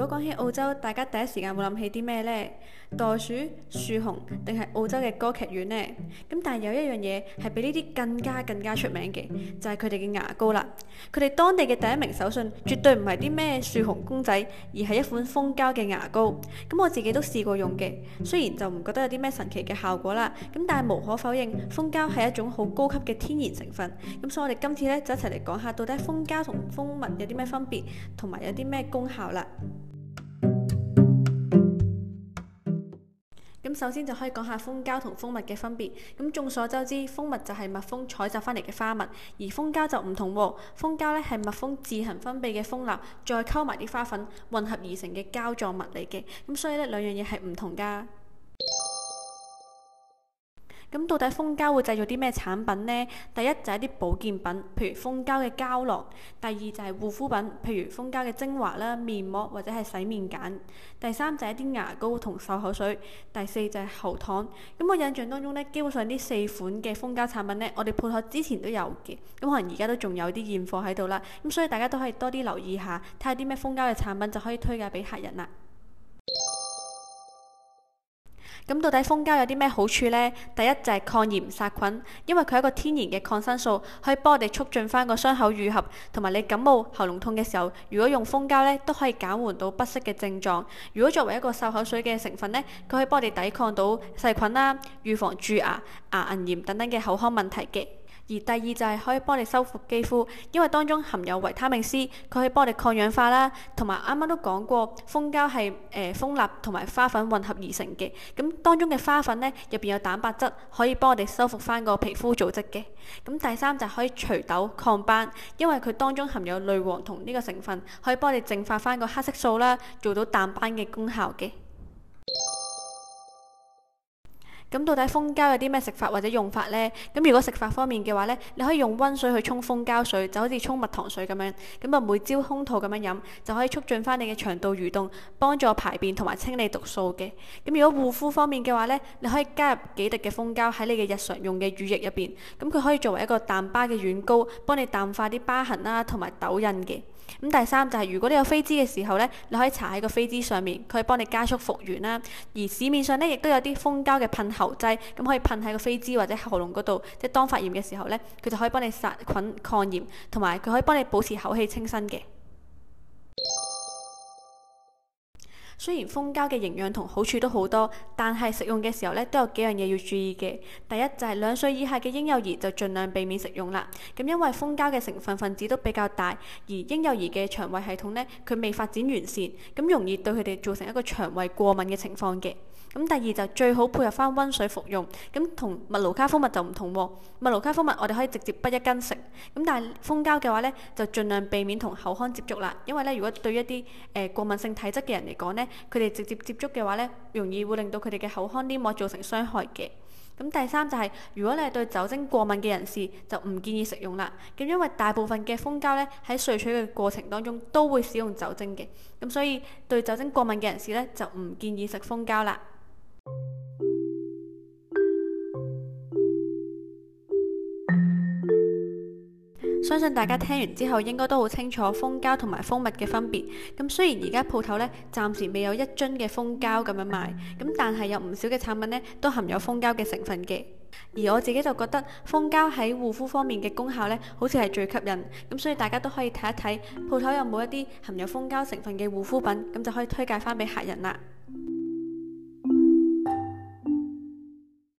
如果講起澳洲，大家第一時間會諗起啲咩呢？袋鼠、樹熊，定係澳洲嘅歌劇院呢？咁但係有一樣嘢係比呢啲更加更加出名嘅，就係佢哋嘅牙膏啦。佢哋當地嘅第一名手信，絕對唔係啲咩樹熊公仔，而係一款蜂膠嘅牙膏。咁我自己都試過用嘅，雖然就唔覺得有啲咩神奇嘅效果啦。咁但係無可否認，蜂膠係一種好高級嘅天然成分。咁所以我哋今次咧就一齊嚟講下，到底蜂膠同蜂蜜有啲咩分別，同埋有啲咩功效啦。咁首先就可以講下蜂膠同蜂蜜嘅分別。咁眾所周知，蜂蜜就係蜜蜂採集翻嚟嘅花蜜，而蜂膠就唔同喎。蜂膠咧，係蜜蜂自行分泌嘅蜂蠟，再溝埋啲花粉混合而成嘅膠狀物嚟嘅。咁所以咧，兩樣嘢係唔同㗎。咁到底蜂膠會製造啲咩產品呢？第一就係啲保健品，譬如蜂膠嘅膠囊；第二就係護膚品，譬如蜂膠嘅精華啦、面膜或者係洗面緊；第三就係啲牙膏同漱口水；第四就係喉糖。咁、嗯、我印象當中呢，基本上呢四款嘅蜂膠產品呢，我哋鋪頭之前都有嘅，咁可能而家都仲有啲現貨喺度啦。咁所以大家都可以多啲留意下，睇下啲咩蜂膠嘅產品就可以推介俾客人啦。咁到底蜂膠有啲咩好處呢？第一就係、是、抗炎殺菌，因為佢係一個天然嘅抗生素，可以幫我哋促進翻個傷口愈合，同埋你感冒喉嚨痛嘅時候，如果用蜂膠咧，都可以減緩到不適嘅症狀。如果作為一個漱口水嘅成分咧，佢可以幫我哋抵抗到細菌啦，預防蛀牙、牙齦炎等等嘅口腔問題嘅。而第二就係可以幫你修復肌膚，因為當中含有維他命 C，佢可以幫你抗氧化啦。同埋啱啱都講過，蜂膠係誒蜂蠟同埋花粉混合而成嘅，咁、嗯、當中嘅花粉咧入邊有蛋白質，可以幫我哋修復翻個皮膚組織嘅。咁、嗯、第三就係可以除痘抗斑，因為佢當中含有類黃酮呢個成分，可以幫你淨化翻個黑色素啦，做到淡斑嘅功效嘅。咁到底蜂膠有啲咩食法或者用法呢？咁如果食法方面嘅話呢，你可以用溫水去沖蜂膠水，就好似沖蜜糖水咁樣。咁啊，每朝空肚咁樣飲，就可以促進翻你嘅腸道蠕動，幫助排便同埋清理毒素嘅。咁如果護膚方面嘅話呢，你可以加入幾滴嘅蜂膠喺你嘅日常用嘅乳液入邊，咁佢可以作為一個淡疤嘅軟膏，幫你淡化啲疤痕啦同埋痘印嘅。咁第三就係、是、如果你有飛滋嘅時候咧，你可以搽喺個飛滋上面，佢可以幫你加速復原啦。而市面上咧亦都有啲蜂膠嘅噴喉劑，咁可以噴喺個飛滋或者喉嚨嗰度，即係當發炎嘅時候咧，佢就可以幫你殺菌抗炎，同埋佢可以幫你保持口氣清新嘅。雖然蜂膠嘅營養同好處都好多，但係食用嘅時候咧都有幾樣嘢要注意嘅。第一就係兩歲以下嘅嬰幼兒就盡量避免食用啦。咁因為蜂膠嘅成分分子都比較大，而嬰幼兒嘅腸胃系統咧佢未發展完善，咁容易對佢哋造成一個腸胃過敏嘅情況嘅。咁第二就最好配合翻溫水服用，咁同麥盧卡蜂蜜就唔同喎。麥盧卡蜂蜜我哋可以直接不一羹食，咁但係蜂膠嘅話咧，就儘量避免同口腔接觸啦。因為咧，如果對一啲誒、呃、過敏性體質嘅人嚟講咧，佢哋直接接觸嘅話咧，容易會令到佢哋嘅口腔黏膜造成傷害嘅。咁第三就係、是、如果你係對酒精過敏嘅人士，就唔建議食用啦。咁因為大部分嘅蜂膠咧喺萃取嘅過程當中都會使用酒精嘅，咁所以對酒精過敏嘅人士咧就唔建議食蜂膠啦。相信大家聽完之後應該都好清楚蜂膠同埋蜂蜜嘅分別。咁雖然而家鋪頭呢暫時未有一樽嘅蜂膠咁樣賣，咁但係有唔少嘅產品呢都含有蜂膠嘅成分嘅。而我自己就覺得蜂膠喺護膚方面嘅功效呢好似係最吸引，咁所以大家都可以睇一睇鋪頭有冇一啲含有蜂膠成分嘅護膚品，咁就可以推介翻俾客人啦。